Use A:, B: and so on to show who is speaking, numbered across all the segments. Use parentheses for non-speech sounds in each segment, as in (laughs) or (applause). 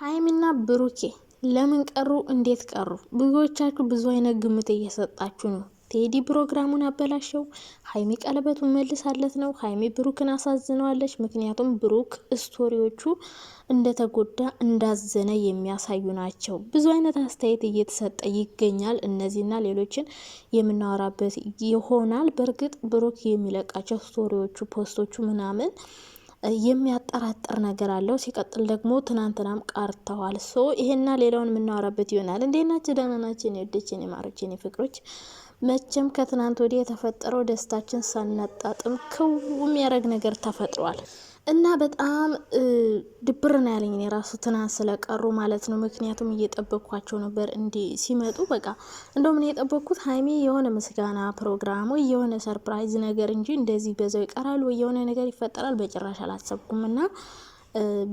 A: ሀይሚና ብሩኬ ለምን ቀሩ? እንዴት ቀሩ? ብዙዎቻችሁ ብዙ አይነት ግምት እየሰጣችሁ ነው። ቴዲ ፕሮግራሙን አበላሸው፣ ሀይሚ ቀለበቱን መልሳለት ነው። ሀይሚ ብሩክን አሳዝነዋለች። ምክንያቱም ብሩክ ስቶሪዎቹ እንደተጎዳ እንዳዘነ የሚያሳዩ ናቸው። ብዙ አይነት አስተያየት እየተሰጠ ይገኛል። እነዚህና ሌሎችን የምናወራበት ይሆናል። በእርግጥ ብሩክ የሚለቃቸው ስቶሪዎቹ፣ ፖስቶቹ ምናምን የሚያጠራጥር ነገር አለው። ሲቀጥል ደግሞ ትናንትናም ቃርተዋል። ሶ ይሄና ሌላውን የምናወራበት ይሆናል። እንዴት ናቸው? ደህና ናቸው የኔ ወዶች፣ የኔ ማሮች፣ የኔ ፍቅሮች። መቼም ከትናንት ወዲህ የተፈጠረው ደስታችን ሳናጣጥም ክው የሚያደርግ ነገር ተፈጥሯል። እና በጣም ድብር ነው ያለኝ እኔ ራሱ ትናንት ስለቀሩ ማለት ነው። ምክንያቱም እየጠበቅኳቸው ነበር እንዲ ሲመጡ በቃ እንደውም እኔ የጠበቅኩት ሀይሚ የሆነ ምስጋና ፕሮግራም ወይ የሆነ ሰርፕራይዝ ነገር እንጂ እንደዚህ በዛው ይቀራሉ ወይ የሆነ ነገር ይፈጠራል በጭራሽ አላሰብኩም እና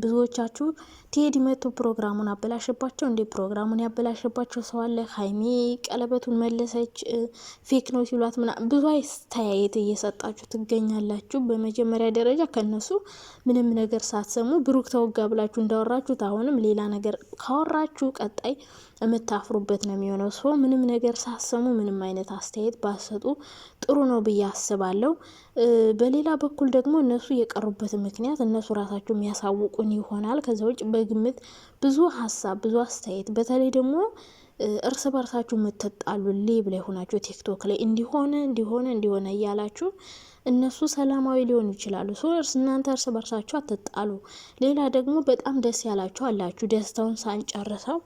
A: ብዙዎቻችሁ ቴዲ መቶ ፕሮግራሙን አበላሸባቸው እንዴ? ፕሮግራሙን ያበላሸባቸው ሰው አለ። ሀይሜ ቀለበቱን መለሰች ፌክ ነው ሲሏት ምናምን ብዙ አስተያየት እየሰጣችሁ ትገኛላችሁ። በመጀመሪያ ደረጃ ከነሱ ምንም ነገር ሳትሰሙ ብሩክ ተወጋ ብላችሁ እንዳወራችሁት አሁንም ሌላ ነገር ካወራችሁ ቀጣይ የምታፍሩበት ነው የሚሆነው። ሰው ምንም ነገር ሳትሰሙ ምንም አይነት አስተያየት ባሰጡ ጥሩ ነው ብዬ አስባለሁ። በሌላ በኩል ደግሞ እነሱ የቀሩበት ምክንያት እነሱ ራሳቸው የሚያሳውቁን ይሆናል። ከዛ ውጭ በግምት ብዙ ሀሳብ፣ ብዙ አስተያየት በተለይ ደግሞ እርስ በርሳችሁ የምትጣሉ ሌብል ላይ ሆናችሁ ቲክቶክ ላይ እንዲሆነ እንዲሆነ እንዲሆነ እያላችሁ እነሱ ሰላማዊ ሊሆኑ ይችላሉ። ሰው እርስ እናንተ እርስ በርሳችሁ አትጣሉ። ሌላ ደግሞ በጣም ደስ ያላችሁ አላችሁ። ደስታውን ሳንጨርሰው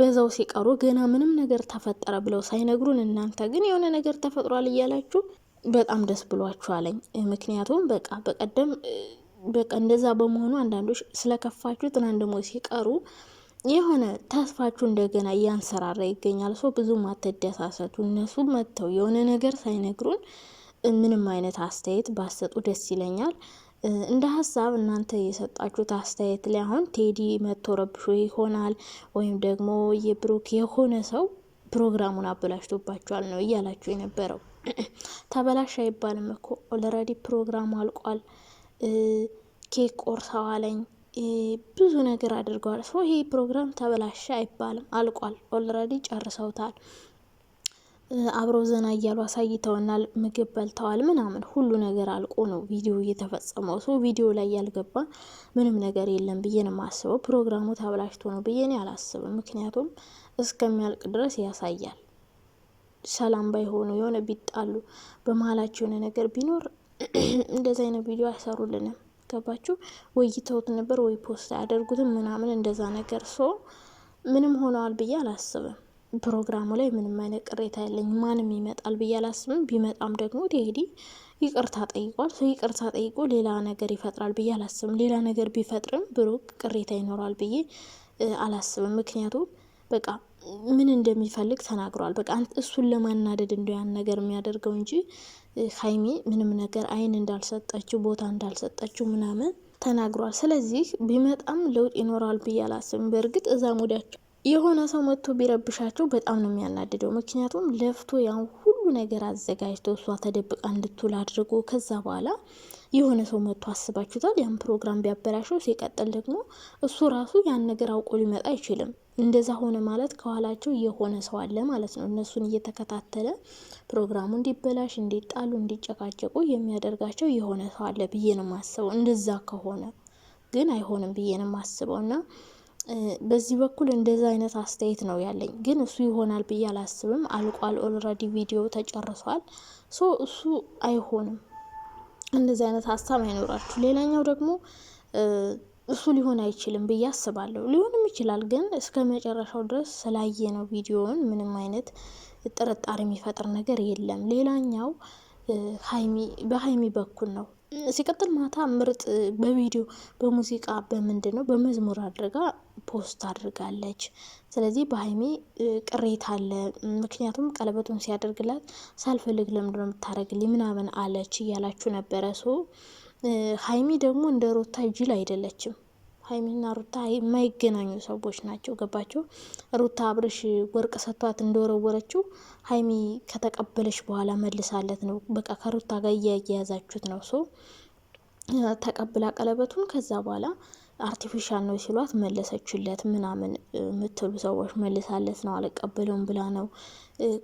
A: በዛው ሲቀሩ ገና ምንም ነገር ተፈጠረ ብለው ሳይነግሩን እናንተ ግን የሆነ ነገር ተፈጥሯል እያላችሁ በጣም ደስ ብሏችኋለኝ። ምክንያቱም በቃ በቀደም በቃ እንደዛ በመሆኑ አንዳንዶች ስለከፋችሁ ትናንት ደግሞ ሲቀሩ የሆነ ተስፋችሁ እንደገና እያንሰራራ ይገኛል። ሰው ብዙ አትደሳሰቱ። እነሱ መጥተው የሆነ ነገር ሳይነግሩን ምንም አይነት አስተያየት ባሰጡ ደስ ይለኛል። እንደ ሀሳብ እናንተ የሰጣችሁት አስተያየት ላይ አሁን ቴዲ መጥቶ ረብሾ ይሆናል ወይም ደግሞ የብሩክ የሆነ ሰው ፕሮግራሙን አበላሽቶባቸዋል ነው እያላችሁ የነበረው ተበላሽ አይባልም እኮ ኦልሬዲ ፕሮግራም አልቋል። ኬክ ቆርሰዋለኝ ብዙ ነገር አድርገዋል። ሶ ይሄ ፕሮግራም ተበላሸ አይባልም፣ አልቋል። ኦልሬዲ ጨርሰውታል። አብረው ዘና እያሉ አሳይተውናል። ምግብ በልተዋል ምናምን ሁሉ ነገር አልቆ ነው ቪዲዮ እየተፈጸመው። ሶ ቪዲዮ ላይ ያልገባ ምንም ነገር የለም ብዬ ነው የማስበው። ፕሮግራሙ ተበላሽቶ ነው ብዬ እኔ አላስብም። ምክንያቱም እስከሚያልቅ ድረስ ያሳያል። ሰላም ባይሆኑ የሆነ ቢጣሉ በመሀላቸው የሆነ ነገር ቢኖር (clears throat) እንደዚ አይነት ቪዲዮ አይሰሩልንም። ገባችሁ ወይ? ይተውት ነበር ወይ ፖስት አያደርጉትም ምናምን እንደዛ ነገር ሶ ምንም ሆነዋል ብዬ አላስብም። ፕሮግራሙ ላይ ምንም አይነት ቅሬታ ያለኝ ማንም ይመጣል ብዬ አላስብም። ቢመጣም ደግሞ ቴዲ ይቅርታ ጠይቋል። ሰው ይቅርታ ጠይቆ ሌላ ነገር ይፈጥራል ብዬ አላስብም። ሌላ ነገር ቢፈጥርም ብሩክ ቅሬታ ይኖራል ብዬ አላስብም። ምክንያቱም በቃ ምን እንደሚፈልግ ተናግሯል። በቃ እሱን ለማናደድ እንዲያን ነገር የሚያደርገው እንጂ ሀይሚ ምንም ነገር አይን እንዳልሰጠችው ቦታ እንዳልሰጠችው ምናምን ተናግሯል። ስለዚህ ቢመጣም ለውጥ ይኖራል ብዬ አላስብም። በእርግጥ እዛ ሙዳቸው የሆነ ሰው መጥቶ ቢረብሻቸው በጣም ነው የሚያናድደው። ምክንያቱም ለፍቶ ያን ሁሉ ነገር አዘጋጅቶ እሷ ተደብቃ እንድትውል አድርጎ ከዛ በኋላ የሆነ ሰው መጥቶ አስባችሁታል። ያን ፕሮግራም ቢያበላሸው፣ ሲቀጥል ደግሞ እሱ ራሱ ያን ነገር አውቆ ሊመጣ አይችልም። እንደዛ ሆነ ማለት ከኋላቸው የሆነ ሰው አለ ማለት ነው። እነሱን እየተከታተለ ፕሮግራሙ እንዲበላሽ፣ እንዲጣሉ፣ እንዲጨቃጨቁ የሚያደርጋቸው የሆነ ሰው አለ ብዬ ነው ማስበው። እንደዛ ከሆነ ግን አይሆንም ብዬ ነው ማስበው እና በዚህ በኩል እንደዚህ አይነት አስተያየት ነው ያለኝ። ግን እሱ ይሆናል ብዬ አላስብም። አልቋል። ኦልሬዲ ቪዲዮ ተጨርሷል። ሶ እሱ አይሆንም። እንደዚህ አይነት ሀሳብ አይኖራችሁ። ሌላኛው ደግሞ እሱ ሊሆን አይችልም ብዬ አስባለሁ። ሊሆንም ይችላል፣ ግን እስከ መጨረሻው ድረስ ስላየ ነው ቪዲዮውን ምንም አይነት ጥርጣሬ የሚፈጥር ነገር የለም። ሌላኛው በሀይሚ በኩል ነው ሲቀጥል ማታ ምርጥ በቪዲዮ በሙዚቃ በምንድን ነው በመዝሙር አድርጋ ፖስት አድርጋለች። ስለዚህ በሀይሚ ቅሬታ አለ። ምክንያቱም ቀለበቱን ሲያደርግላት ሳልፈልግ ለምንድን ነው የምታደርግልኝ ምናምን አለች እያላችሁ ነበረ። ሶ ሀይሜ ደግሞ እንደ ሮታ ጅል አይደለችም። ሀይሚና ሩታ የማይገናኙ ሰዎች ናቸው። ገባቸው። ሩታ አብርሽ ወርቅ ሰጥቷት እንደወረወረችው ሀይሚ ከተቀበለች በኋላ መልሳለት ነው። በቃ ከሩታ ጋር እያያያዛችሁት ነው። ሰው ተቀብላ ቀለበቱን ከዛ በኋላ አርቲፊሻል ነው ሲሏት መለሰችለት ምናምን የምትሉ ሰዎች መልሳለት ነው አልቀበለውም ብላ ነው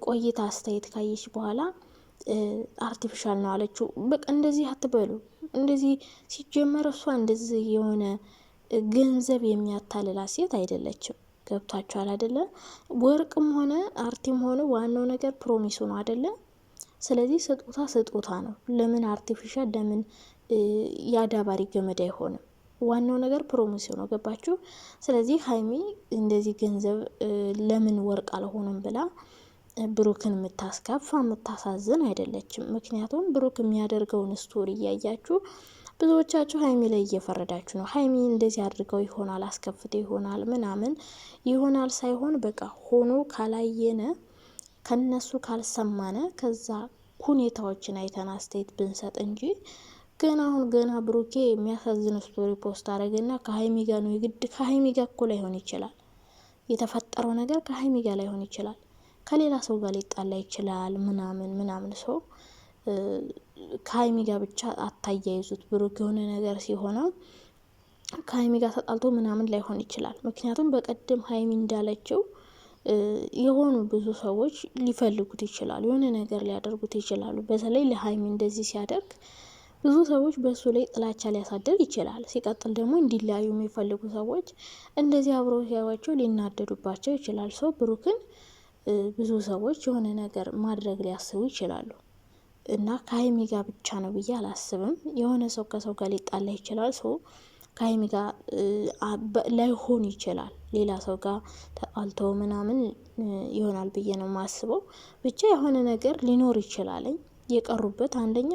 A: ቆይታ አስተያየት ካየች በኋላ አርቲፊሻል ነው አለችው። በቃ እንደዚህ አትበሉ። እንደዚህ ሲጀመር እሷ እንደዚህ የሆነ ገንዘብ የሚያታልላ ሴት አይደለችም። ገብቷችኋል አይደለ? ወርቅም ሆነ አርቲም ሆነ ዋናው ነገር ፕሮሚሱ ነው አይደለ? ስለዚህ ስጦታ ስጦታ ነው። ለምን አርቲፊሻል ለምን የአዳባሪ ገመድ አይሆንም? ዋናው ነገር ፕሮሚሱ ነው። ገባችሁ? ስለዚህ ሀይሚ እንደዚህ ገንዘብ ለምን ወርቅ አልሆነም ብላ ብሩክን የምታስከፋ የምታሳዝን አይደለችም። ምክንያቱም ብሩክ የሚያደርገውን ስቶሪ እያያችሁ ብዙዎቻችሁ ሀይሚ ላይ እየፈረዳችሁ ነው። ሀይሚ እንደዚህ አድርገው ይሆናል፣ አስከፍተው ይሆናል፣ ምናምን ይሆናል ሳይሆን በቃ ሆኖ ካላየነ ከነሱ ካልሰማነ ከዛ ሁኔታዎችን አይተን አስተያየት ብንሰጥ እንጂ ገና አሁን ገና ብሩኬ የሚያሳዝን ስቶሪ ፖስት አድረግና ከሀይሚ ጋር ነው የግድ። ከሀይሚ ጋር እኮ ላይሆን ይችላል የተፈጠረው ነገር ከሀይሚ ጋር ላይሆን ይችላል፣ ከሌላ ሰው ጋር ሊጣላ ይችላል ምናምን ምናምን ሰው ከሀይሚ ጋር ብቻ አታያይዙት። ብሩክ የሆነ ነገር ሲሆነው ከሀይሚ ጋር ተጣልቶ ምናምን ላይሆን ይችላል። ምክንያቱም በቀደም ሀይሚ እንዳለችው የሆኑ ብዙ ሰዎች ሊፈልጉት ይችላሉ፣ የሆነ ነገር ሊያደርጉት ይችላሉ። በተለይ ለሀይሚ እንደዚህ ሲያደርግ ብዙ ሰዎች በእሱ ላይ ጥላቻ ሊያሳድር ይችላል። ሲቀጥል ደግሞ እንዲለያዩ የሚፈልጉ ሰዎች እንደዚህ አብሮ ሲያዩዋቸው ሊናደዱባቸው ይችላል። ሰው ብሩክን ብዙ ሰዎች የሆነ ነገር ማድረግ ሊያስቡ ይችላሉ። እና ከሀይሚ ጋር ብቻ ነው ብዬ አላስብም። የሆነ ሰው ከሰው ጋር ሊጣላ ይችላል። ሰው ከሀይሚ ጋር ላይሆን ይችላል። ሌላ ሰው ጋር ተጣልቶ ምናምን ይሆናል ብዬ ነው የማስበው። ብቻ የሆነ ነገር ሊኖር ይችላል። የቀሩበት አንደኛ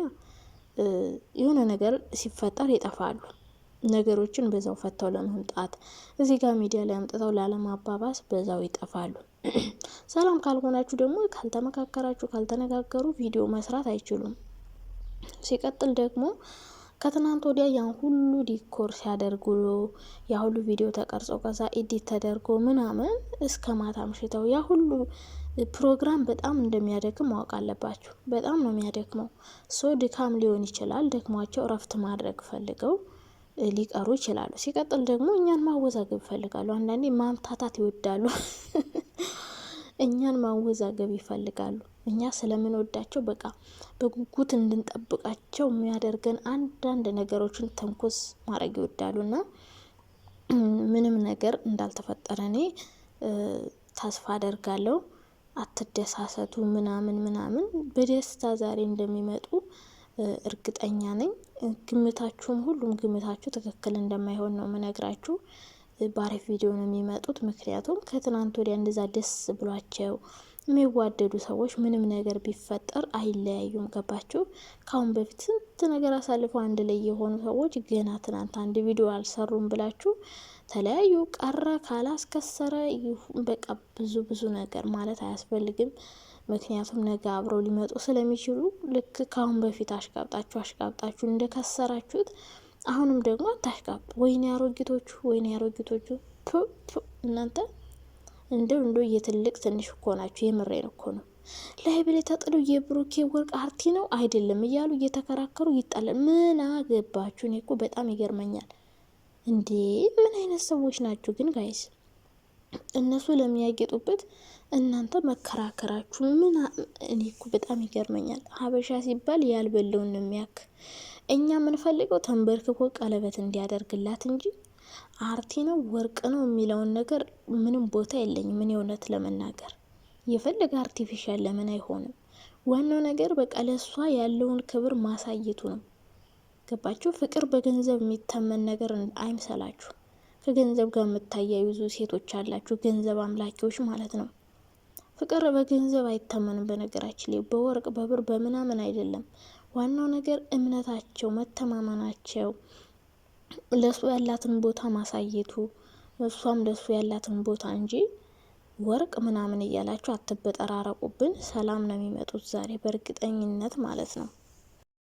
A: የሆነ ነገር ሲፈጠር ይጠፋሉ። ነገሮችን በዛው ፈተው ለመምጣት እዚህ ጋር ሚዲያ ላይ አምጥተው ላለማባባስ በዛው ይጠፋሉ። (clears throat) ሰላም ካልሆናችሁ ደግሞ ካልተመካከራችሁ፣ ካልተነጋገሩ ቪዲዮ መስራት አይችሉም። ሲቀጥል ደግሞ ከትናንት ወዲያ ያን ሁሉ ዲኮር ሲያደርጉ ያ ሁሉ ቪዲዮ ተቀርጾ ከዛ ኤዲት ተደርጎ ምናምን እስከ ማታ ምሽተው ያ ሁሉ ፕሮግራም በጣም እንደሚያደክም ማወቅ አለባችሁ። በጣም ነው የሚያደክመው። ሶ ድካም ሊሆን ይችላል ደክሟቸው እረፍት ማድረግ ፈልገው ሊቀሩ ይችላሉ። ሲቀጥል ደግሞ እኛን ማወዛገብ ይፈልጋሉ። አንዳንዴ ማምታታት ይወዳሉ። (laughs) እኛን ማወዛገብ ይፈልጋሉ። እኛ ስለምንወዳቸው በቃ በጉጉት እንድንጠብቃቸው የሚያደርገን አንዳንድ ነገሮችን ተንኮስ ማድረግ እና ምንም ነገር እንዳልተፈጠረ እኔ ተስፋ አደርጋለሁ። አትደሳሰቱ ምናምን ምናምን በደስታ ዛሬ እንደሚመጡ እርግጠኛ ነኝ። ግምታችሁም ሁሉም ግምታችሁ ትክክል እንደማይሆን ነው የምነግራችሁ። በአሪፍ ቪዲዮ ነው የሚመጡት። ምክንያቱም ከትናንት ወዲያ እንደዛ ደስ ብሏቸው የሚዋደዱ ሰዎች ምንም ነገር ቢፈጠር አይለያዩም። ገባችሁ? ከአሁን በፊት ስንት ነገር አሳልፈው አንድ ላይ የሆኑ ሰዎች ገና ትናንት አንድ ቪዲዮ አልሰሩም ብላችሁ ተለያዩ፣ ቀረ፣ ካላስከሰረ በቃ ብዙ ብዙ ነገር ማለት አያስፈልግም። ምክንያቱም ነገ አብረው ሊመጡ ስለሚችሉ ልክ ከአሁን በፊት አሽቃብጣችሁ አሽቃብጣችሁ እንደከሰራችሁት አሁንም ደግሞ አታሽቃብጡ። ወይኔ ያሮጊቶቹ፣ ወይኔ ያሮጊቶቹ እናንተ እንደው እንደ የትልቅ ትንሽ እኮ ናችሁ። የምሬን እኮ ነው። ላይብሬ ተጥሎ የብሩኬ ወርቅ አርቲ ነው አይደለም እያሉ እየተከራከሩ ይጣላል። ምን አገባችሁ? እኔ እኮ በጣም ይገርመኛል እንዴ! ምን አይነት ሰዎች ናችሁ ግን ጋይስ? እነሱ ለሚያጌጡበት እናንተ መከራከራችሁ ምን? እኔ እኮ በጣም ይገርመኛል። ሀበሻ ሲባል ያልበለውን ነው የሚያክ። እኛ የምንፈልገው ተንበርክኮ ቀለበት እንዲያደርግላት እንጂ አርቲ ነው ወርቅ ነው የሚለውን ነገር ምንም ቦታ የለኝም። ምን እውነት ለመናገር የፈለገ አርቲፊሻል ለምን አይሆንም? ዋናው ነገር በቃ ለእሷ ያለውን ክብር ማሳየቱ ነው። ገባችሁ? ፍቅር በገንዘብ የሚተመን ነገር አይምሰላችሁ። ከገንዘብ ጋር የምታያይዙ ሴቶች አላችሁ፣ ገንዘብ አምላኪዎች ማለት ነው። ፍቅር በገንዘብ አይታመንም። በነገራችን ላይ በወርቅ በብር በምናምን አይደለም። ዋናው ነገር እምነታቸው፣ መተማመናቸው፣ ለሱ ያላትን ቦታ ማሳየቱ፣ እሷም ለሱ ያላትን ቦታ እንጂ ወርቅ ምናምን እያላችሁ አትበጠራረቁብን። ሰላም ነው የሚመጡት ዛሬ በእርግጠኝነት ማለት ነው።